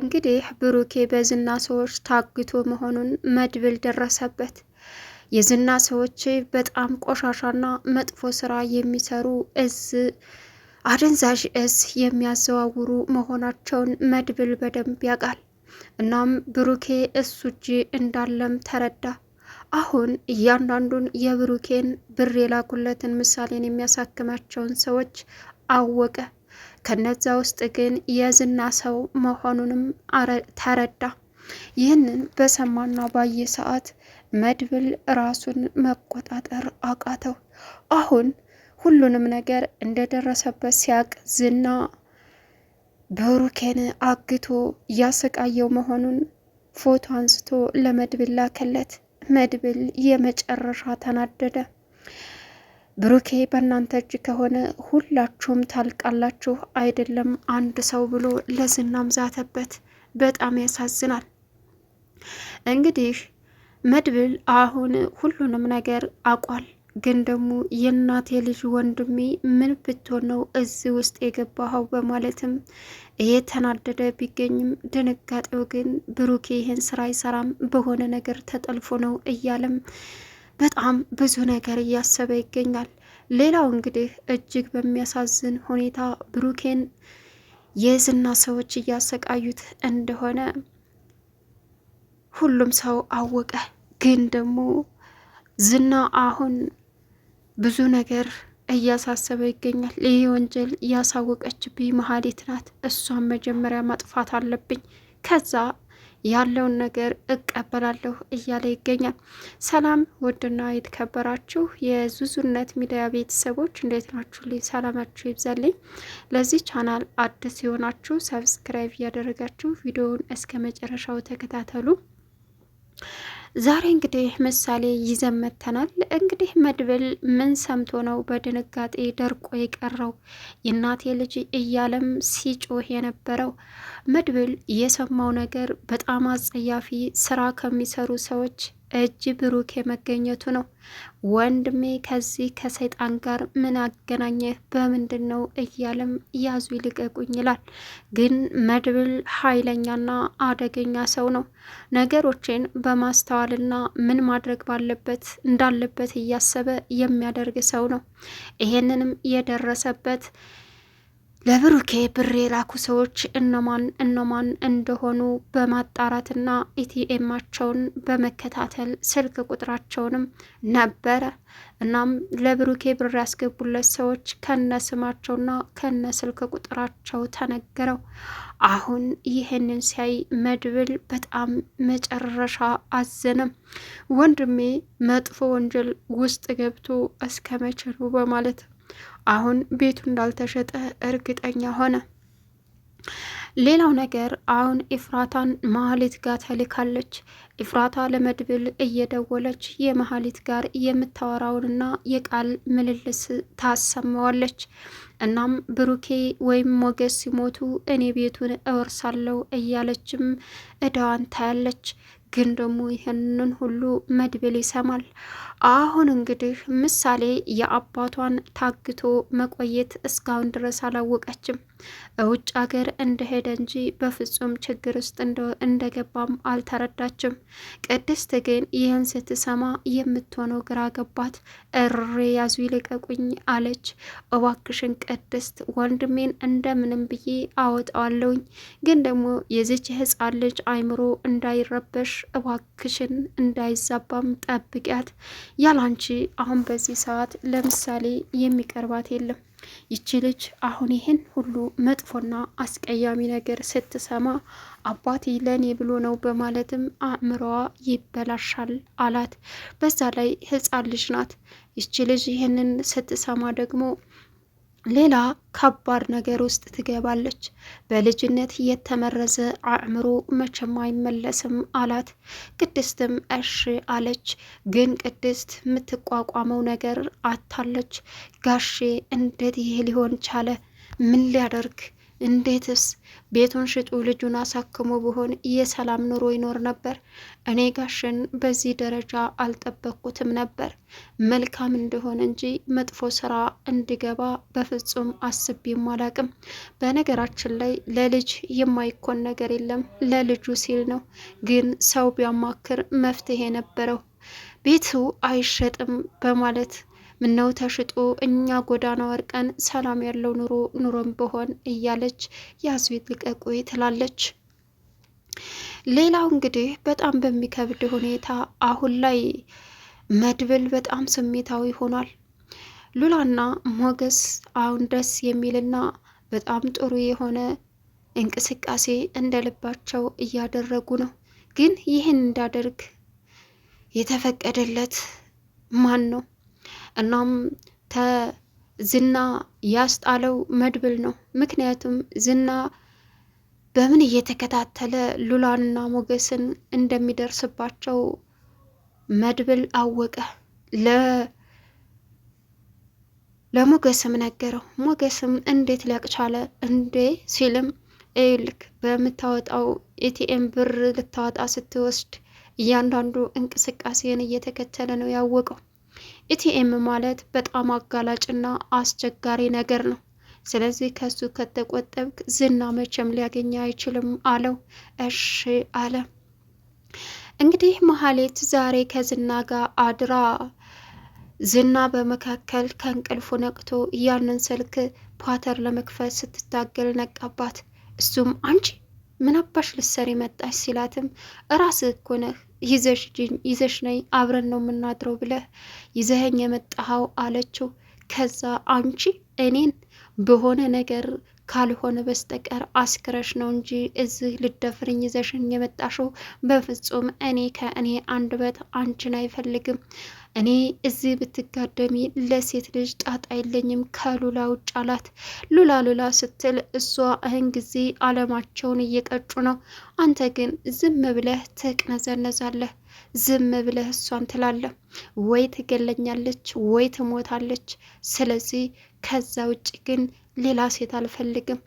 እንግዲህ ብሩኬ በዝና ሰዎች ታግቶ መሆኑን መድብል ደረሰበት። የዝና ሰዎች በጣም ቆሻሻና መጥፎ ስራ የሚሰሩ እዝ አደንዛዥ እዝ የሚያዘዋውሩ መሆናቸውን መድብል በደንብ ያውቃል። እናም ብሩኬ እሱ እጅ እንዳለም ተረዳ። አሁን እያንዳንዱን የብሩኬን ብር የላኩለትን ምሳሌን የሚያሳክማቸውን ሰዎች አወቀ። ከነዛ ውስጥ ግን የዝና ሰው መሆኑንም ተረዳ። ይህንን በሰማና ባየ ሰዓት መድብል ራሱን መቆጣጠር አቃተው። አሁን ሁሉንም ነገር እንደደረሰበት ሲያቅ ዝና ብሩኬን አግቶ እያሰቃየው መሆኑን ፎቶ አንስቶ ለመድብል ላከለት። መድብል የመጨረሻ ተናደደ። ብሩኬ በእናንተ እጅ ከሆነ ሁላችሁም ታልቃላችሁ አይደለም አንድ ሰው ብሎ ለዝናም ዛተበት። በጣም ያሳዝናል። እንግዲህ መድብል አሁን ሁሉንም ነገር አቋል። ግን ደግሞ የእናቴ ልጅ ወንድሜ ምን ብትሆን ነው እዚህ ውስጥ የገባኸው? በማለትም እየተናደደ ቢገኝም ድንጋጤው ግን ብሩኬ ይህን ስራ አይሰራም፣ በሆነ ነገር ተጠልፎ ነው እያለም በጣም ብዙ ነገር እያሰበ ይገኛል። ሌላው እንግዲህ እጅግ በሚያሳዝን ሁኔታ ብሩኬን የዝና ሰዎች እያሰቃዩት እንደሆነ ሁሉም ሰው አወቀ። ግን ደግሞ ዝና አሁን ብዙ ነገር እያሳሰበ ይገኛል። ይህ ወንጀል ያሳወቀችብኝ መሀሌት ናት። እሷን መጀመሪያ ማጥፋት አለብኝ ከዛ ያለውን ነገር እቀበላለሁ እያለ ይገኛል። ሰላም ውድና የተከበራችሁ የዙዙነት ሚዲያ ቤተሰቦች እንዴት ናችሁልኝ? ሰላማችሁ ይብዛልኝ። ለዚህ ቻናል አዲስ የሆናችሁ ሰብስክራይብ እያደረጋችሁ ቪዲዮውን እስከ መጨረሻው ተከታተሉ። ዛሬ እንግዲህ ምሳሌ ይዘመተናል። እንግዲህ መድብል ምን ሰምቶ ነው በድንጋጤ ደርቆ የቀረው የእናቴ ልጅ እያለም ሲጮህ የነበረው? መድብል የሰማው ነገር በጣም አጸያፊ ስራ ከሚሰሩ ሰዎች እጅ ብሩክ የመገኘቱ ነው። ወንድሜ ከዚህ ከሰይጣን ጋር ምን አገናኘህ? በምንድን ነው እያለም ያዙ ይልቀቁኝ ይላል። ግን መድብል ኃይለኛና አደገኛ ሰው ነው። ነገሮችን በማስተዋልና ምን ማድረግ ባለበት እንዳለበት እያሰበ የሚያደርግ ሰው ነው። ይሄንንም የደረሰበት ለብሩኬ ብር የላኩ ሰዎች እነማን እነማን እንደሆኑ በማጣራትና ኢቲኤማቸውን በመከታተል ስልክ ቁጥራቸውንም ነበረ። እናም ለብሩኬ ብር ያስገቡለት ሰዎች ከነ ስማቸውና ከነ ስልክ ቁጥራቸው ተነግረው፣ አሁን ይህንን ሲያይ መድብል በጣም መጨረሻ አዘነም። ወንድሜ መጥፎ ወንጀል ውስጥ ገብቶ እስከ መቼ ነው በማለት አሁን ቤቱ እንዳልተሸጠ እርግጠኛ ሆነ። ሌላው ነገር አሁን ኢፍራታን መሀሊት ጋር ተልካለች። ኢፍራታ ለመድብል እየደወለች የመሀሊት ጋር የምታወራውንና የቃል ምልልስ ታሰማዋለች። እናም ብሩኬ ወይም ሞገስ ሲሞቱ እኔ ቤቱን እወርሳለሁ እያለችም እዳዋን ታያለች። ግን ደግሞ ይህንን ሁሉ መድብል ይሰማል። አሁን እንግዲህ ምሳሌ የአባቷን ታግቶ መቆየት እስካሁን ድረስ አላወቀችም። ውጭ ሀገር እንደሄደ እንጂ በፍጹም ችግር ውስጥ እንደገባም አልተረዳችም። ቅድስት ግን ይህን ስትሰማ የምትሆነው ግራ ገባት። እሬ ያዙ ይልቀቁኝ አለች። እባክሽን ቅድስት፣ ወንድሜን እንደምንም ብዬ አወጣዋለሁኝ፣ ግን ደግሞ የዚች ህፃን ልጅ አይምሮ እንዳይረበሽ እባክሽን እንዳይዛባም ጠብቂያት ያላንቺ አሁን በዚህ ሰዓት ለምሳሌ የሚቀርባት የለም። ይቺ ልጅ አሁን ይህን ሁሉ መጥፎና አስቀያሚ ነገር ስትሰማ አባቴ ለእኔ ብሎ ነው በማለትም አእምሮዋ ይበላሻል አላት። በዛ ላይ ህፃን ልጅ ናት። ይቺ ልጅ ይህንን ስትሰማ ደግሞ ሌላ ከባድ ነገር ውስጥ ትገባለች። በልጅነት የተመረዘ አእምሮ መቼም አይመለስም አላት። ቅድስትም እሺ አለች። ግን ቅድስት የምትቋቋመው ነገር አታለች። ጋሼ እንዴት ይሄ ሊሆን ቻለ? ምን ሊያደርግ እንዴትስ ቤቱን ሽጡ ልጁን አሳክሞ ብሆን የሰላም ኑሮ ይኖር ነበር። እኔ ጋሽን በዚህ ደረጃ አልጠበቅኩትም ነበር። መልካም እንደሆነ እንጂ መጥፎ ስራ እንዲገባ በፍጹም አስቤም አላቅም። በነገራችን ላይ ለልጅ የማይኮን ነገር የለም፣ ለልጁ ሲል ነው። ግን ሰው ቢያማክር መፍትሄ ነበረው። ቤቱ አይሸጥም በማለት ምነው ተሽጦ እኛ ጎዳና ወርቀን ሰላም ያለው ኑሮ ኑሮም በሆን እያለች ያዙኝ ልቀቁኝ ትላለች። ሌላው እንግዲህ በጣም በሚከብድ ሁኔታ አሁን ላይ መድብል በጣም ስሜታዊ ሆኗል። ሉላና ሞገስ አሁን ደስ የሚልና በጣም ጥሩ የሆነ እንቅስቃሴ እንደልባቸው እያደረጉ ነው። ግን ይህን እንዳደርግ የተፈቀደለት ማን ነው? እናም ተዝና ያስጣለው መድብል ነው። ምክንያቱም ዝና በምን እየተከታተለ ሉላንና ሞገስን እንደሚደርስባቸው መድብል አወቀ። ለሞገስም ነገረው። ሞገስም እንዴት ሊያቅቻለ እንዴ ሲልም ይልክ በምታወጣው ኤቲኤም ብር ልታወጣ ስትወስድ እያንዳንዱ እንቅስቃሴን እየተከተለ ነው ያወቀው። ኢቲኤም ማለት በጣም አጋላጭና አስቸጋሪ ነገር ነው። ስለዚህ ከሱ ከተቆጠብክ ዝና መቼም ሊያገኝ አይችልም አለው። እሺ አለ። እንግዲህ መሀሌት ዛሬ ከዝና ጋር አድራ ዝና በመካከል ከእንቅልፉ ነቅቶ ያንን ስልክ ፓተር ለመክፈት ስትታገል ነቃባት። እሱም አንቺ ምን አባሽ ልትሰሪ መጣሽ ሲላትም እራስህ እኮ ነህ ይዘሽ ነይ አብረን ነው የምናድረው ብለህ ይዘኸኝ የመጣኸው አለችው። ከዛ አንቺ እኔን በሆነ ነገር ካልሆነ በስተቀር አስክረሽ ነው እንጂ እዚህ ልደፍርኝ ይዘሽን የመጣሽው፣ በፍጹም እኔ ከእኔ አንድ በት አንቺን አይፈልግም እኔ እዚህ ብትጋደሚ ለሴት ልጅ ጣጣ የለኝም ከሉላ ውጭ አላት። ሉላ ሉላ ስትል እሷ እህን ጊዜ አለማቸውን እየቀጩ ነው። አንተ ግን ዝም ብለህ ትቅነዘነዛለህ። ዝም ብለህ እሷን ትላለህ። ወይ ትገለኛለች ወይ ትሞታለች። ስለዚህ ከዛ ውጭ ግን ሌላ ሴት አልፈልግም።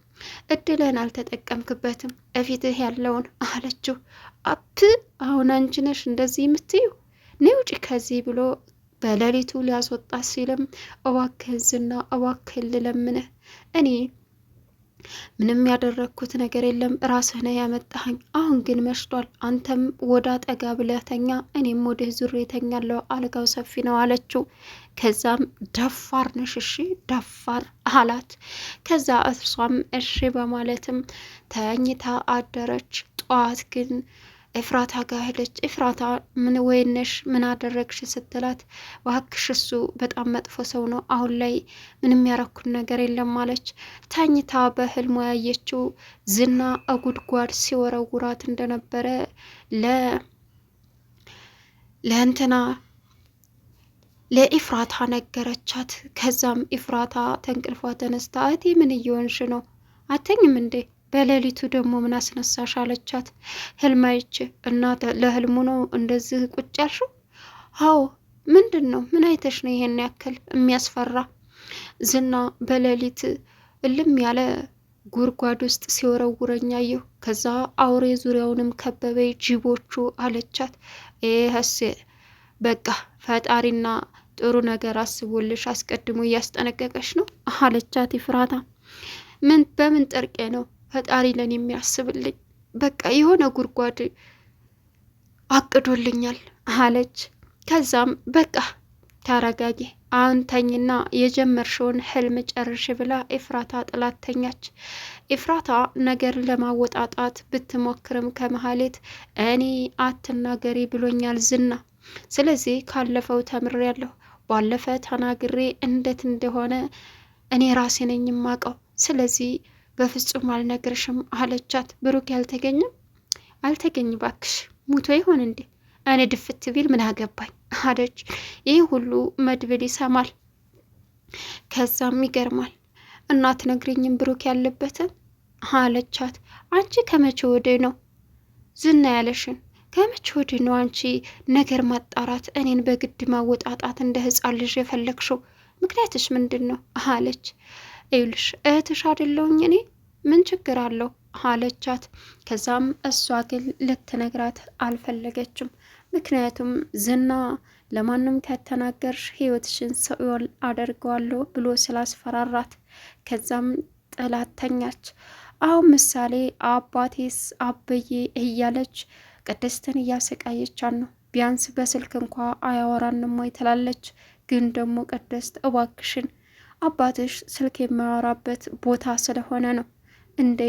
እድልህን አልተጠቀምክበትም እፊትህ ያለውን አለችው። አፕ አሁን አንቺ ነሽ እንደዚህ የምትይው ነይ ውጪ ከዚህ ብሎ በሌሊቱ ሊያስወጣት ሲልም እባክህን ዝና እባክህን ልለምንህ እኔ ምንም ያደረግኩት ነገር የለም ራስህ ነህ ያመጣኸኝ። አሁን ግን መሽቷል። አንተም ወደ አጠጋ ብለህ ተኛ፣ እኔም ወደ ዙሬ ተኛለሁ። አልጋው ሰፊ ነው አለችው። ከዛም ደፋር ነሽ እሺ ደፋር አላት። ከዛ እርሷም እሺ በማለትም ተኝታ አደረች። ጠዋት ግን ኤፍራታ ጋር ሄደች። ኤፍራታ ምን ወይነሽ ምን አደረግሽ ስትላት እባክሽ እሱ በጣም መጥፎ ሰው ነው፣ አሁን ላይ ምንም የሚያረኩን ነገር የለም አለች። ተኝታ በህልሟ ያየችው ዝና አጉድጓድ ሲወረውራት እንደነበረ ለ ለእንትና ለኢፍራታ ነገረቻት። ከዛም ኢፍራታ ተንቅልፏ ተነስታ እህቴ ምን እየሆንሽ ነው? አተኝም እንዴ በሌሊቱ ደግሞ ምን አስነሳሽ አለቻት። ህልም አይቼ እና ለህልሙ ነው እንደዚህ ቁጭ ያልሽው? አዎ። ምንድን ነው? ምን አይተሽ ነው ይሄን ያክል የሚያስፈራ? ዝና በሌሊት እልም ያለ ጉድጓድ ውስጥ ሲወረውረኝ አየሁ። ከዛ አውሬ ዙሪያውንም ከበበይ ጅቦቹ አለቻት። ይህስ በቃ ፈጣሪና ጥሩ ነገር አስቦልሽ አስቀድሞ እያስጠነቀቀሽ ነው አለቻት። ይፍራታ ምን በምን ጠርቄ ነው ፈጣሪ ለን የሚያስብልኝ በቃ የሆነ ጉድጓድ አቅዶልኛል አለች። ከዛም በቃ ተረጋጊ አንተኝና የጀመርሽውን ህልም ጨርሽ ብላ ኤፍራታ ጥላት ተኛች። ኤፍራታ ነገር ለማወጣጣት ብትሞክርም ከመሀሌት እኔ አትናገሪ ብሎኛል ዝና፣ ስለዚህ ካለፈው ተምሬያለሁ። ባለፈ ተናግሬ እንዴት እንደሆነ እኔ ራሴ ነኝ የማውቀው። ስለዚህ በፍጹም አልነግርሽም አለቻት። ብሩክ ያልተገኘም አልተገኝ ባክሽ ሙቶ ይሆን እንዴ? እኔ ድፍት ቢል ምን አገባኝ አለች። ይህ ሁሉ መድብል ይሰማል። ከዛም ይገርማል እናት ነግርኝም ብሩክ ያለበትን አለቻት። አንቺ ከመቼ ወዲህ ነው ዝና ያለሽን ከመቼ ወዲህ ነው አንቺ ነገር ማጣራት እኔን በግድ ማወጣጣት እንደ ህፃን ልጅ የፈለግሽው ምክንያትሽ ምንድን ነው? አለች ይኸውልሽ እህትሽ አይደለሁኝ እኔ ምን ችግር አለው አለቻት። ከዛም እሷ ግን ልትነግራት አልፈለገችም። ምክንያቱም ዝና ለማንም ከተናገርሽ ህይወትሽን ሰውል አደርገዋለሁ ብሎ ስላስፈራራት ከዛም ጥላት ተኛች። አሁን ምሳሌ አባቴስ አበዬ እያለች ቅድስትን እያሰቃየቻት ነው። ቢያንስ በስልክ እንኳ አያወራንም ወይ ትላለች። ግን ደግሞ ቅድስት እባክሽን አባትሽ ስልክ የማወራበት ቦታ ስለሆነ ነው እንዴ?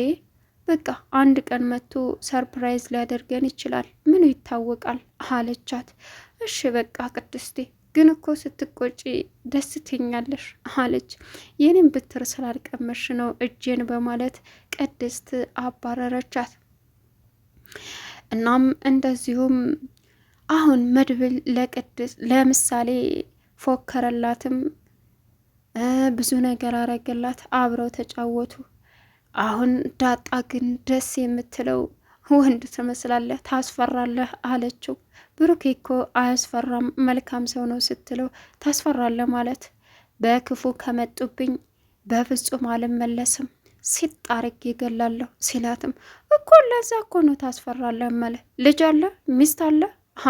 በቃ አንድ ቀን መጥቶ ሰርፕራይዝ ሊያደርገን ይችላል፣ ምኑ ይታወቃል አለቻት። እሺ በቃ ቅድስቴ ግን እኮ ስትቆጪ ደስ ትኛለሽ አለች። የኔን ብትር ስላልቀመሽ ነው እጄን በማለት ቅድስት አባረረቻት። እናም እንደዚሁም አሁን መድብል ለቅድስ ለምሳሌ ፎከረላትም ብዙ ነገር አረግላት፣ አብረው ተጫወቱ። አሁን ዳጣ ግን ደስ የምትለው ወንድ ትመስላለህ፣ ታስፈራለህ አለችው። ብሩኬ እኮ አያስፈራም መልካም ሰው ነው ስትለው ታስፈራለህ ማለት በክፉ ከመጡብኝ በፍጹም አልመለስም ሲጣርግ ይገላለሁ ሲላትም እኮ ለዛ እኮ ነው ታስፈራለህ መለ ልጅ አለ ሚስት አለ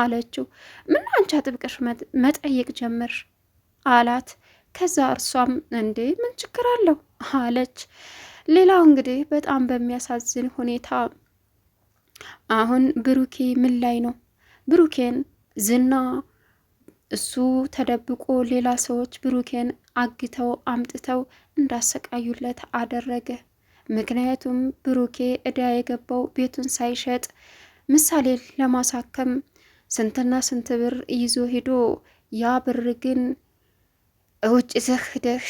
አለችው። ምን አንቺ አጥብቀሽ መጠየቅ ጀመርሽ አላት። ከዛ እርሷም እንዴ ምን ችግር አለው አለች። ሌላው እንግዲህ በጣም በሚያሳዝን ሁኔታ አሁን ብሩኬ ምን ላይ ነው? ብሩኬን ዝና እሱ ተደብቆ ሌላ ሰዎች ብሩኬን አግተው አምጥተው እንዳሰቃዩለት አደረገ። ምክንያቱም ብሩኬ እዳ የገባው ቤቱን ሳይሸጥ ምሳሌ ለማሳከም ስንትና ስንት ብር ይዞ ሄዶ ያ ብር ግን ውጭ ዝህ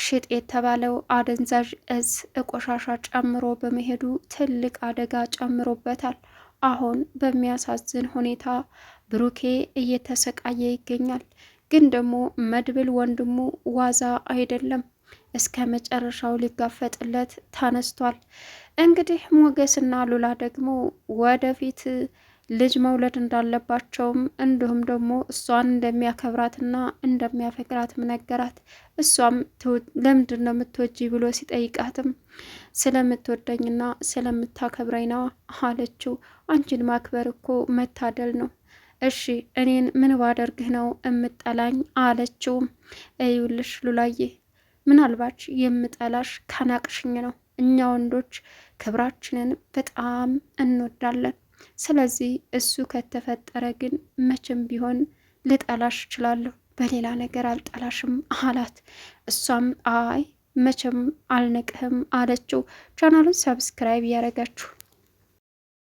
ሽጥ የተባለው አደንዛዥ እጽ ቆሻሻ ጨምሮ በመሄዱ ትልቅ አደጋ ጨምሮበታል። አሁን በሚያሳዝን ሁኔታ ብሩኬ እየተሰቃየ ይገኛል። ግን ደግሞ መድብል ወንድሙ ዋዛ አይደለም፣ እስከ መጨረሻው ሊጋፈጥለት ተነስቷል። እንግዲህ ሞገስና ሉላ ደግሞ ወደፊት ልጅ መውለድ እንዳለባቸውም እንዲሁም ደግሞ እሷን እንደሚያከብራትና እንደሚያፈቅራትም ነገራት። እሷም ለምንድን ነው የምትወጂ ብሎ ሲጠይቃትም ስለምትወደኝና ስለምታከብረኝ ነው አለችው። አንቺን ማክበር እኮ መታደል ነው። እሺ እኔን ምን ባደርግህ ነው እምጠላኝ? አለችው። እዩልሽ ሉላዬ፣ ምናልባች የምጠላሽ ከናቅሽኝ ነው። እኛ ወንዶች ክብራችንን በጣም እንወዳለን ስለዚህ እሱ ከተፈጠረ ግን መቼም ቢሆን ልጠላሽ እችላለሁ፣ በሌላ ነገር አልጠላሽም አላት። እሷም አይ መቼም አልነቅህም አለችው። ቻናሉን ሰብስክራይብ እያደረጋችሁ